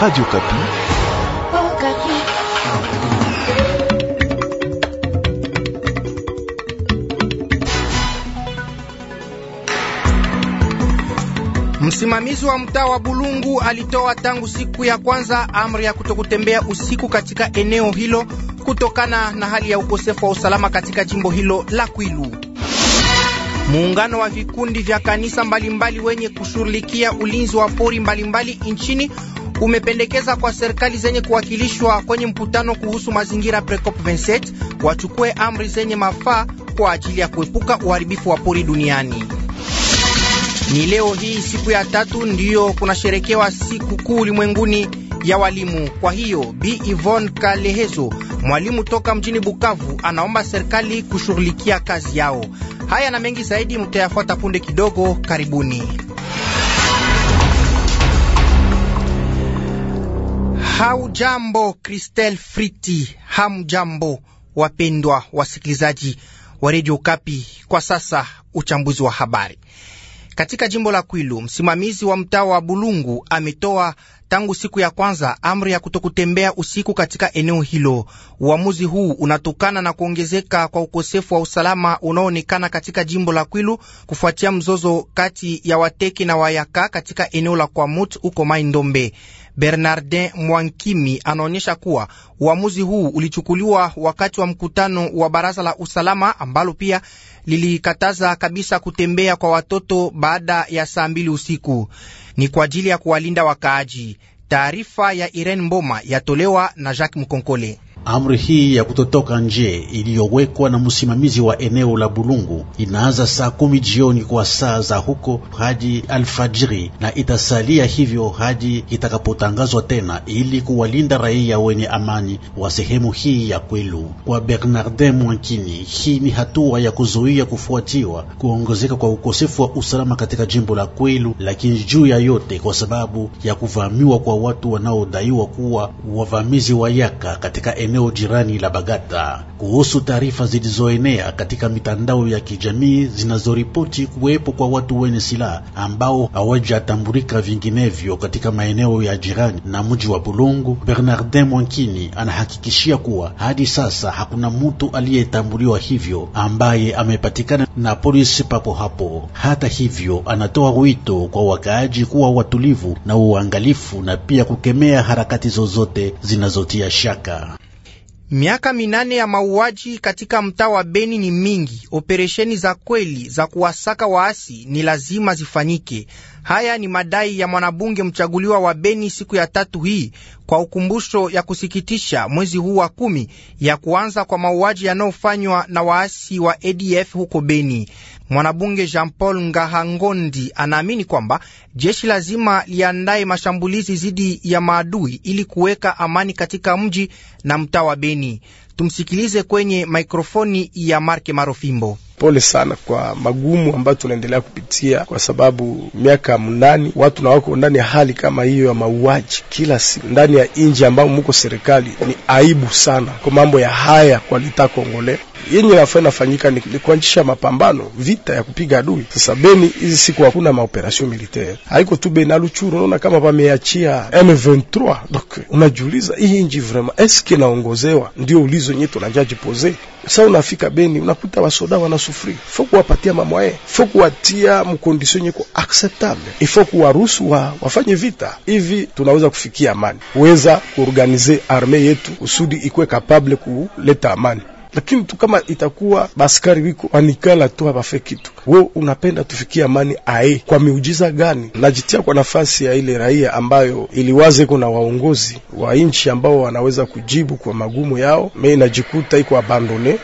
Radio Kapi. Oh, Kapi. Msimamizi wa mtaa wa Bulungu alitoa tangu siku ya kwanza amri ya kutokutembea usiku katika eneo hilo kutokana na hali ya ukosefu wa usalama katika jimbo hilo la Kwilu. Muungano wa vikundi vya kanisa mbalimbali wenye kushughulikia ulinzi wa pori mbalimbali nchini umependekeza kwa serikali zenye kuwakilishwa kwenye mkutano kuhusu mazingira PreCOP 27 wachukue amri zenye mafaa kwa ajili ya kuepuka uharibifu wa pori duniani. Ni leo hii siku ya tatu ndiyo kunasherekewa siku kuu ulimwenguni ya walimu. Kwa hiyo Bi Yvonne Kalehezo, mwalimu toka mjini Bukavu, anaomba serikali kushughulikia kazi yao. Haya na mengi zaidi mutayafuata punde kidogo. Karibuni. Haujambo Kristel Friti, hamjambo wapendwa wasikilizaji wa redio Kapi. Kwa sasa uchambuzi wa habari katika jimbo la Kwilu. Msimamizi wa mtaa wa Bulungu ametoa tangu siku ya kwanza amri ya kutokutembea usiku katika eneo hilo. Uamuzi huu unatokana na kuongezeka kwa ukosefu wa usalama unaoonekana katika jimbo la Kwilu kufuatia mzozo kati ya Wateke na Wayaka katika eneo la Kwamut huko Mai Ndombe. Bernardin Mwankimi anaonyesha kuwa uamuzi huu ulichukuliwa wakati wa mkutano wa baraza la usalama ambalo pia lilikataza kabisa kutembea kwa watoto baada ya saa mbili usiku. Ni kwa ajili ya kuwalinda wakaaji. Taarifa ya Irene Mboma yatolewa na Jacques Mkonkole. Amri hii ya kutotoka nje iliyowekwa na msimamizi wa eneo la Bulungu inaanza saa kumi jioni kwa saa za huko hadi alfajiri na itasalia hivyo hadi itakapotangazwa tena, ili kuwalinda raia wenye amani wa sehemu hii ya Kwilu. Kwa Bernardin Mwankini, hii ni hatua ya kuzuia kufuatiwa kuongezeka kwa ukosefu wa usalama katika jimbo la Kwilu, lakini juu ya yote kwa sababu ya kuvamiwa kwa watu wanaodaiwa kuwa wavamizi wa Yaka katika eneo eneo jirani la Bagata kuhusu taarifa zilizoenea katika mitandao ya kijamii zinazoripoti kuwepo kwa watu wenye silaha ambao hawajatambulika vinginevyo katika maeneo ya jirani na mji wa Bulungu. Bernardin Mwankini anahakikishia kuwa hadi sasa hakuna mtu aliyetambuliwa hivyo ambaye amepatikana na polisi papo hapo. Hata hivyo, anatoa wito kwa wakaaji kuwa watulivu na uangalifu na pia kukemea harakati zozote zinazotia shaka. Miaka minane ya mauaji katika mtaa wa Beni ni mingi. Operesheni za kweli za kuwasaka waasi ni lazima zifanyike. Haya ni madai ya mwanabunge mchaguliwa wa Beni siku ya tatu hii kwa ukumbusho ya kusikitisha mwezi huu wa kumi ya kuanza kwa mauaji yanayofanywa na waasi wa ADF huko Beni. Mwanabunge Jean Paul Ngahangondi anaamini kwamba jeshi lazima liandaye mashambulizi dhidi ya maadui ili kuweka amani katika mji na mtaa wa Beni. Tumsikilize kwenye maikrofoni ya Marke Marofimbo. Pole sana kwa magumu ambayo tunaendelea kupitia, kwa sababu miaka mnani watu na wako ndani ya hali kama hiyo ya mauaji kila siku ndani ya nji ambayo muko serikali. Ni aibu sana kwa mambo ya haya kwa lita Kongole yenye nafaa inafanyika ni kuanzisha mapambano, vita ya kupiga adui. Sasa Beni hizi siku hakuna maoperasyon militaire, haiko tu Beni aluchuru, unaona kama pameachia M23. Donc unajiuliza hii nji vraiment eske naongozewa? Ndio ulizo nyeto najajipoze sa unafika Beni unakuta wasoda wanasufuri, faut kuwapatia mamwaye, fo kuwatia mkondisio nyeko acceptable, ifo kuwaruhusu wa, wafanye vita hivi, tunaweza kufikia amani, weza kuorganize arme yetu kusudi ikuwe kapable kuleta amani lakini tu kama itakuwa baskari wiko wanikala tu habafe kitu, we unapenda tufikie amani ae kwa miujiza gani? Najitia kwa nafasi ya ile raia ambayo iliwaze kuna waongozi wa nchi ambao wanaweza kujibu kwa magumu yao, me najikuta iko abandone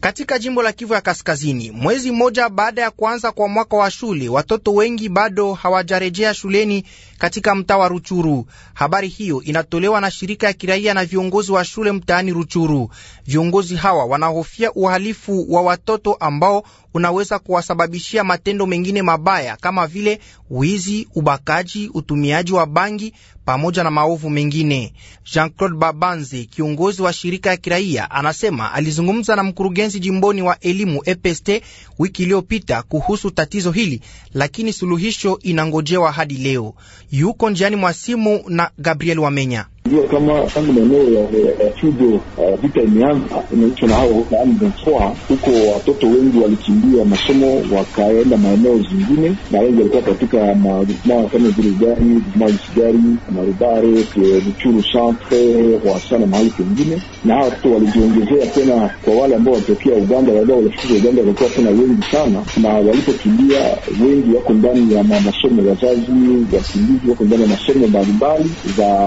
katika jimbo la Kivu ya Kaskazini, mwezi mmoja baada ya kuanza kwa mwaka wa shule, watoto wengi bado hawajarejea shuleni katika mtaa wa Ruchuru. Habari hiyo inatolewa na shirika ya kiraia na viongozi wa shule mtaani Ruchuru. Viongozi hawa wanahofia uhalifu wa watoto ambao unaweza kuwasababishia matendo mengine mabaya kama vile wizi, ubakaji, utumiaji wa bangi pamoja na maovu mengine. Jean-Claude Babanzi, kiongozi wa shirika ya kiraia, anasema alizungumza na mkurugenzi jimboni wa elimu EPST wiki iliyopita kuhusu tatizo hili, lakini suluhisho inangojewa hadi leo. Yuko njiani mwa simu na Gabriel Wamenya ndio kama tangu maeneo ya Chujo uh, vita imeanza inaisha na hao hutaani huko watoto wengi walikimbia masomo wakaenda maeneo zingine, na wengi walikuwa katika majukumaa kama vile gari majisigari marubare Ruchuru centre wasana mahali pengine, na hao watoto walijiongezea tena kwa wale ambao walitokea Uganda, wale walifika Uganda walikuwa tena wengi sana, na walipokimbia wengi wako ndani ya masomo, wazazi wakimbizi wako ndani ya masomo mbalimbali za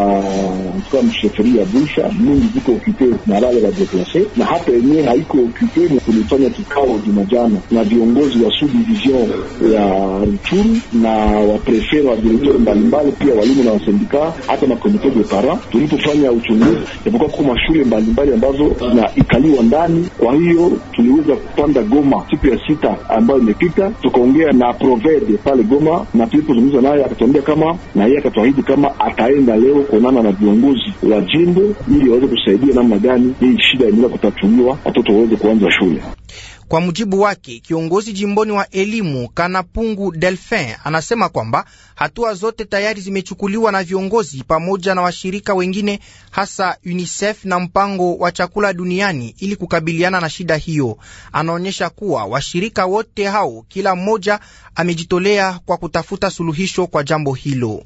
comme sheferi ya Busha mingi ziko okupe na wale wadeplase, na hapa yenyewe haiko okupe. kulifanya kikao jumajana na viongozi wa subdivision ya Ruchuru na waprefere wa direkteur mbalimbali, pia walimu na wasindika, hata na komite de parents, tulipofanya uchunguzi yapokuwa kuko mashule mbalimbali ambazo zinaikaliwa ndani. Kwa hiyo tuliweza kupanda Goma siku ya sita ambayo imepita, tukaongea na provede pale Goma na tulipozungumza naye akatuambia kama na yeye akatuahidi kama ataenda leo kuonana na viongozi viongozi wa jimbo ili waweze kusaidia namna gani hii shida inaweza kutatuliwa, watoto waweze kuanza shule. Kwa mujibu wake kiongozi jimboni wa elimu Kanapungu Delfin anasema kwamba hatua zote tayari zimechukuliwa na viongozi pamoja na washirika wengine, hasa UNICEF na mpango wa chakula duniani ili kukabiliana na shida hiyo. Anaonyesha kuwa washirika wote hao, kila mmoja amejitolea kwa kutafuta suluhisho kwa jambo hilo.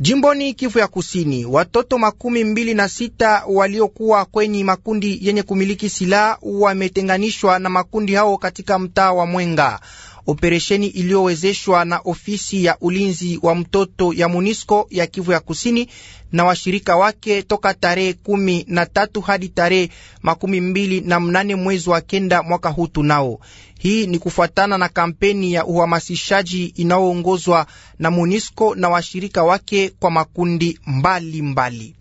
Jimboni Kivu ya Kusini, watoto makumi mbili na sita waliokuwa kwenye makundi yenye kumiliki silaha wametenganishwa na makundi hao katika mtaa wa Mwenga operesheni iliyowezeshwa na ofisi ya ulinzi wa mtoto ya MONUSCO ya Kivu ya Kusini na washirika wake toka tarehe kumi na tatu hadi tarehe makumi mbili na mnane mwezi wa kenda mwaka huu. Tunao hii ni kufuatana na kampeni ya uhamasishaji inayoongozwa na MONUSCO na washirika wake kwa makundi mbalimbali mbali.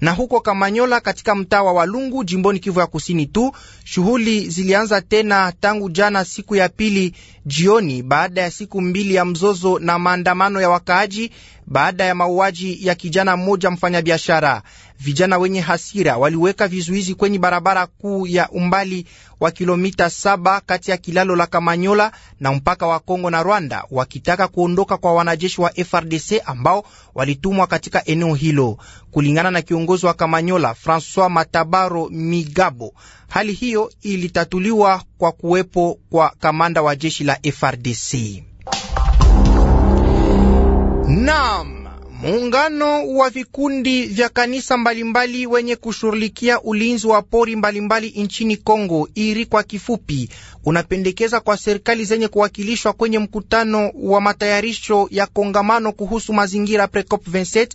Na huko Kamanyola katika mtaa wa Walungu jimboni Kivu ya Kusini tu Shughuli zilianza tena tangu jana siku ya pili jioni baada ya siku mbili ya mzozo na maandamano ya wakaaji baada ya mauaji ya kijana mmoja mfanyabiashara. Vijana wenye hasira waliweka vizuizi kwenye barabara kuu ya umbali wa kilomita saba kati ya kilalo la Kamanyola na mpaka wa Kongo na Rwanda, wakitaka kuondoka kwa wanajeshi wa FRDC ambao walitumwa katika eneo hilo. Kulingana na kiongozi wa Kamanyola Francois Matabaro Migabo, Hali hiyo ilitatuliwa kwa kuwepo kwa kamanda wa jeshi la FRDC. Naam. Muungano wa vikundi vya kanisa mbalimbali wenye kushughulikia ulinzi wa pori mbalimbali nchini Kongo, IRI kwa kifupi, unapendekeza kwa serikali zenye kuwakilishwa kwenye mkutano wa matayarisho ya kongamano kuhusu mazingira PreCOP 27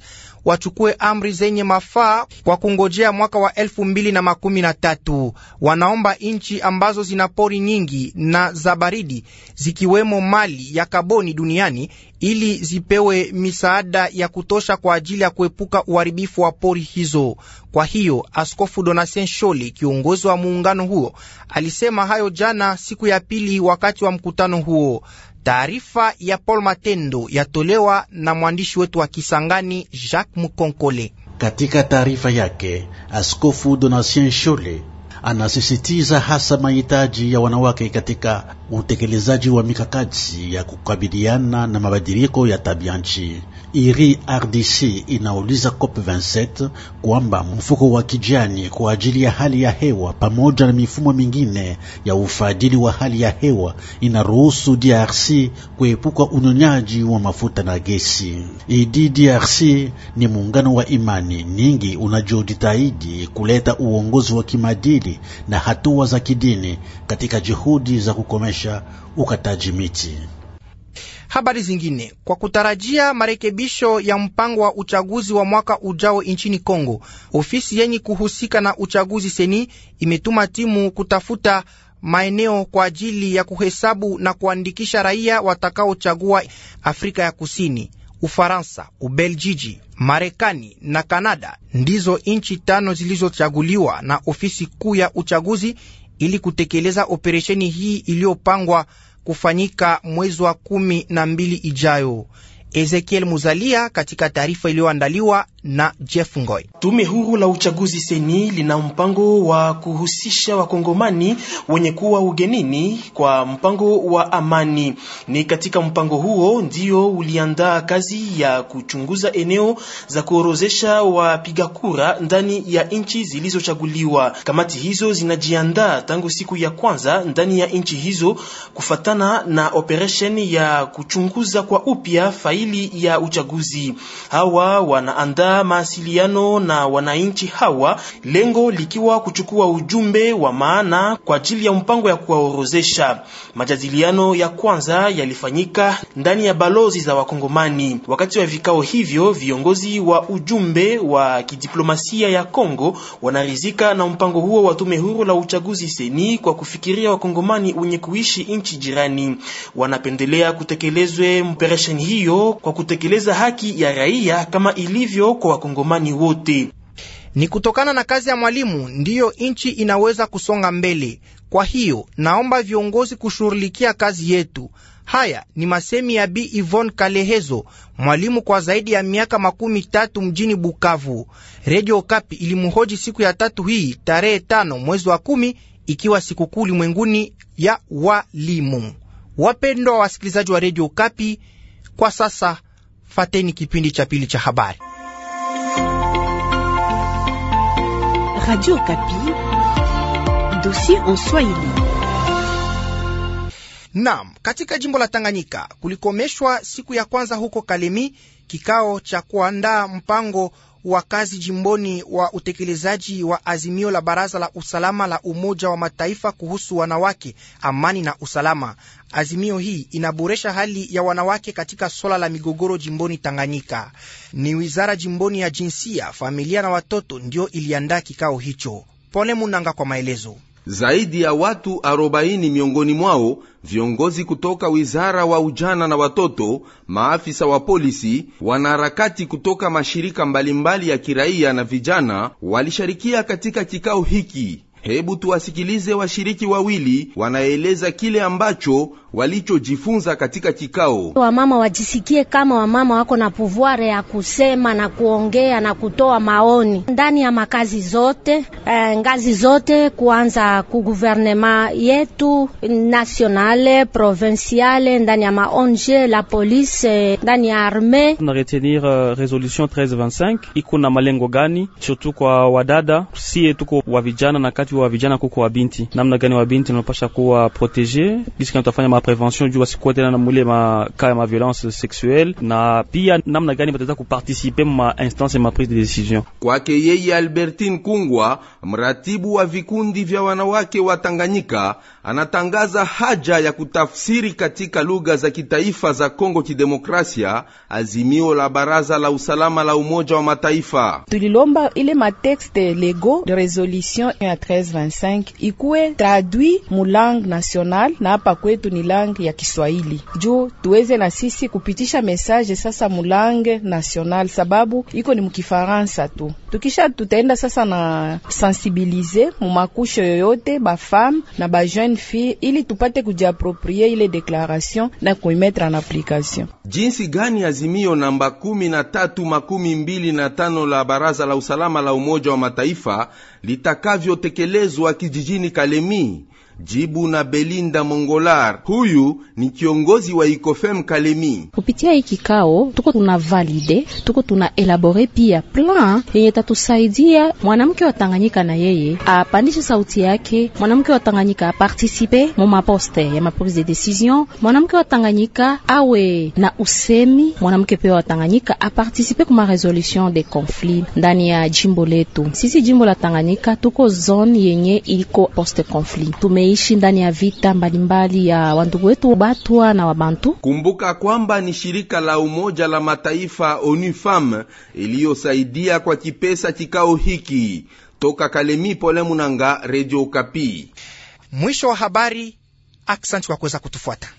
wachukue amri zenye mafaa kwa kungojea mwaka wa elfu mbili na makumi na tatu. Wanaomba nchi ambazo zina pori nyingi na za baridi zikiwemo Mali ya kaboni duniani ili zipewe misaada ya kutosha kwa ajili ya kuepuka uharibifu wa pori hizo. Kwa hiyo Askofu Donatien Sholi, kiongozi wa muungano huo, alisema hayo jana siku ya pili wakati wa mkutano huo. Taarifa ya Paul Matendo yatolewa na mwandishi wetu wa Kisangani Jacques Mukonkole. Katika taarifa yake, Askofu Donatien Shole anasisitiza hasa mahitaji ya wanawake katika utekelezaji wa mikakati ya kukabiliana na mabadiliko ya nchi. IRI RDC inauliza COP27 kwamba mfuko wa kijani kwa ajili ya hali ya hewa pamoja na mifumo mingine ya ufadhili wa hali ya hewa inaruhusu DRC kuepuka unyonyaji wa mafuta na gesi. idi drc ni muungano wa imani nyingi unaojitahidi kuleta uongozi wa kimadili na hatua za kidini katika juhudi za kukomesha kukomesha ukataji miti. Habari zingine kwa kutarajia marekebisho ya mpango wa uchaguzi wa mwaka ujao nchini Kongo, ofisi yenye kuhusika na uchaguzi seni imetuma timu kutafuta maeneo kwa ajili ya kuhesabu na kuandikisha raia watakaochagua Afrika ya Kusini. Ufaransa, Ubeljiji, Marekani na Kanada ndizo nchi tano zilizochaguliwa na ofisi kuu ya uchaguzi ili kutekeleza operesheni hii iliyopangwa kufanyika mwezi wa kumi na mbili ijayo. Ezekiel Muzalia katika taarifa iliyoandaliwa na Jeff Ngoy. Tume huru la uchaguzi seni lina mpango wa kuhusisha wakongomani wenye kuwa ugenini kwa mpango wa amani. Ni katika mpango huo ndio uliandaa kazi ya kuchunguza eneo za kuorozesha wapiga kura ndani ya nchi zilizochaguliwa. Kamati hizo zinajiandaa tangu siku ya kwanza ndani ya nchi hizo kufatana na operation ya kuchunguza kwa upya faili ya uchaguzi. Hawa wanaandaa maasiliano mawasiliano na wananchi hawa, lengo likiwa kuchukua ujumbe wa maana kwa ajili ya mpango ya kuwaorozesha. Majadiliano ya kwanza yalifanyika ndani ya balozi za Wakongomani. Wakati wa vikao hivyo, viongozi wa ujumbe wa kidiplomasia ya Kongo wanarizika na mpango huo wa tume huru la uchaguzi seni kwa kufikiria Wakongomani wenye kuishi nchi jirani. Wanapendelea kutekelezwe mperesheni hiyo kwa kutekeleza haki ya raia kama ilivyo kwa wakongomani wote. Ni kutokana na kazi ya mwalimu ndiyo nchi inaweza kusonga mbele. Kwa hiyo naomba viongozi kushughulikia kazi yetu. Haya ni masemi ya Bi Ivon Kalehezo, mwalimu kwa zaidi ya miaka makumi tatu mjini Bukavu. Redio Kapi ilimhoji siku ya tatu hii tarehe tano mwezi wa kumi ikiwa sikukuu ulimwenguni ya walimu. Wapendwa wasikilizaji wa Redio Kapi, kwa sasa fateni kipindi cha pili cha habari. Radio Kapi, dossier en Swahili. Naam, katika jimbo la Tanganyika kulikomeshwa siku ya kwanza huko Kalemi kikao cha kuandaa mpango wa kazi jimboni wa utekelezaji wa azimio la Baraza la Usalama la Umoja wa Mataifa kuhusu wanawake, amani na usalama. Azimio hii inaboresha hali ya wanawake katika swala la migogoro jimboni Tanganyika. Ni wizara jimboni ya jinsia, familia na watoto ndio iliandaa kikao hicho. Pole Munanga kwa maelezo zaidi ya watu 40 miongoni mwao viongozi kutoka wizara wa ujana na watoto, maafisa wa polisi, wanaharakati kutoka mashirika mbalimbali mbali ya kiraia na vijana walisharikia katika kikao hiki. Hebu tuwasikilize washiriki wawili wanaeleza kile ambacho walichojifunza katika kikao. Wamama wajisikie kama wamama wako na pouvoir ya kusema na kuongea na kutoa maoni ndani ya makazi zote, eh, ngazi zote, kuanza ku guvernema yetu nationale, provinciale, ndani ya ma ONG, la police, eh, ndani ya arme. Na retenir uh, resolution 1325 iko na malengo gani, surtout kwa wadada, sie tuko wa vijana na kati wa vijana kuko wa binti, namna gani wa binti napasha kuwa protege, gisi tutafanya prevention juu wasikuatena na ma makaya ya maviolence sexuelle na pia namna gani wataweza kupartisipe ma instance et ma prise de decision. Kwake yeye Albertine Kungwa, mratibu wa vikundi vya wanawake wa Tanganyika, anatangaza haja ya kutafsiri katika lugha za kitaifa za Kongo Kidemokrasia azimio la Baraza la Usalama la Umoja wa Mataifa. Tulilomba ile texte lego de resolution ya 1325 ikuwe traduit mu langue nationale na hapa kwetu langue ya Kiswahili juu tuweze na sisi kupitisha message sasa mulange national, sababu iko ni mukifaransa tu. Tukisha tutaenda sasa na sensibilize mumakusho yoyote bafame na ba jeune fille, ili tupate kujiaproprie ile declaration na kuimetre en application. Jinsi gani azimio namba kumi na tatu makumi mbili na tano la Baraza la Usalama la Umoja wa Mataifa litakavyotekelezwa kijijini Kalemi Jibu na Belinda Mongolar, huyu ni kiongozi wa Ikofem Kalemi. Kupitia hii kikao, tuko tuna valide, tuko tuna elabore pia plan yenye tatusaidia mwanamke wa Tanganyika na yeye apandishe sauti yake, mwanamke wa Tanganyika apartisipe mu maposte ya maprise de decision, mwanamke wa Tanganyika awe na usemi, mwanamke pia wa Tanganyika apartisipe kuma resolution de conflit ndani ya jimbo letu. Sisi jimbo la Tanganyika tuko zone yenye iko poste conflit tume wanaishi ndani ya vita mbalimbali ya wandugu wetu Batwa na Wabantu. Kumbuka kwamba ni shirika la Umoja la Mataifa ONU Femme iliyosaidia kwa kipesa kikao hiki. Toka Kalemi, Pole Munanga, Radio Kapi. Mwisho wa habari. Aksanti kwa kuweza kutufuata.